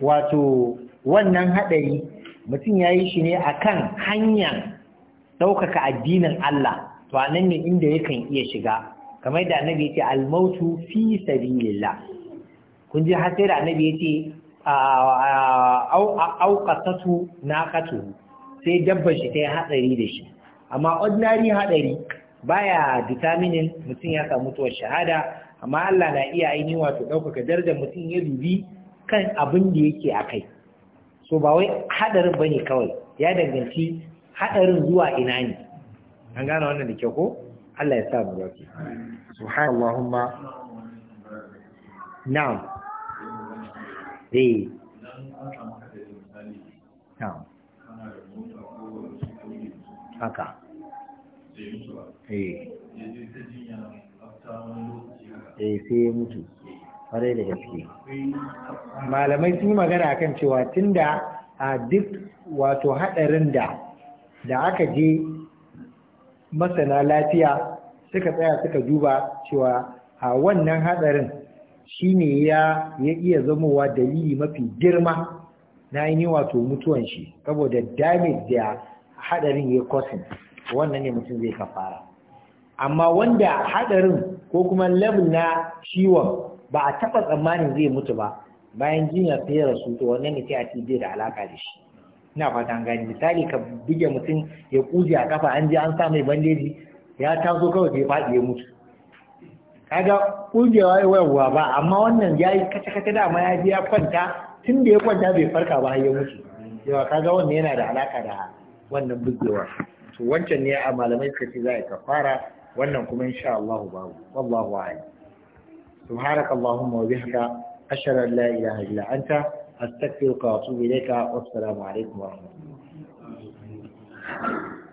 wato wannan haɗari mutum ya yi shi ne a kan hanyar ɗaukaka addinin Allah to a nan ne inda yakan iya shiga kamar da annabi ce almautu fi sabilillah kun ji har sai da annabi ce a au na katu, sai dabbashi shi ta hatsari da shi amma ordinary hadari baya determining mutum ya samu mutuwar shahada amma Allah na iya aini wato ɗaukaka darajar mutum ya dubi kan abin da yake a kai so ba wai hadarin bane kawai ya danganci hadarin zuwa ina ne an gane wannan da kyau ko Allah ya sa mu dace subhanallahumma na'am eh na'am haka eh, eh ya mutu kwarai da gaske malamai sun yi magana kan cewa tunda a duk wato hadarin da da aka je masana lafiya suka tsaya suka duba cewa a wannan hadarin shine ya ya iya zamowa dalili mafi girma na yi wato mutuwan shi saboda damage da hadarin ya kwasin wannan ne mutum zai kafara amma wanda haɗarin, ko kuma level na ciwon ba a taɓa tsammanin zai mutu ba bayan jinya ta yi rasu to wannan ne sai a bai da alaka da shi ina fatan gani misali ka buge mutum ya kuje a kafa an je an sa mai bandeji ya taso kawai bai faɗi ya mutu kaga kujewa ya wayarwa ba amma wannan ya yi kace-kace dama ya je ya kwanta tun da ya kwanta bai farka ba har ya mutu yawa kaga wannan yana da alaka da wannan bugewa to wancan ne a malamai suka ce za a ka fara wannan kuma insha Allah babu wallahu a'lam subhanaka allahumma wa bihamdika ashhadu an la ilaha illa anta astaghfiruka wa atubu ilayka wassalamu alaikum wa rahmatullahi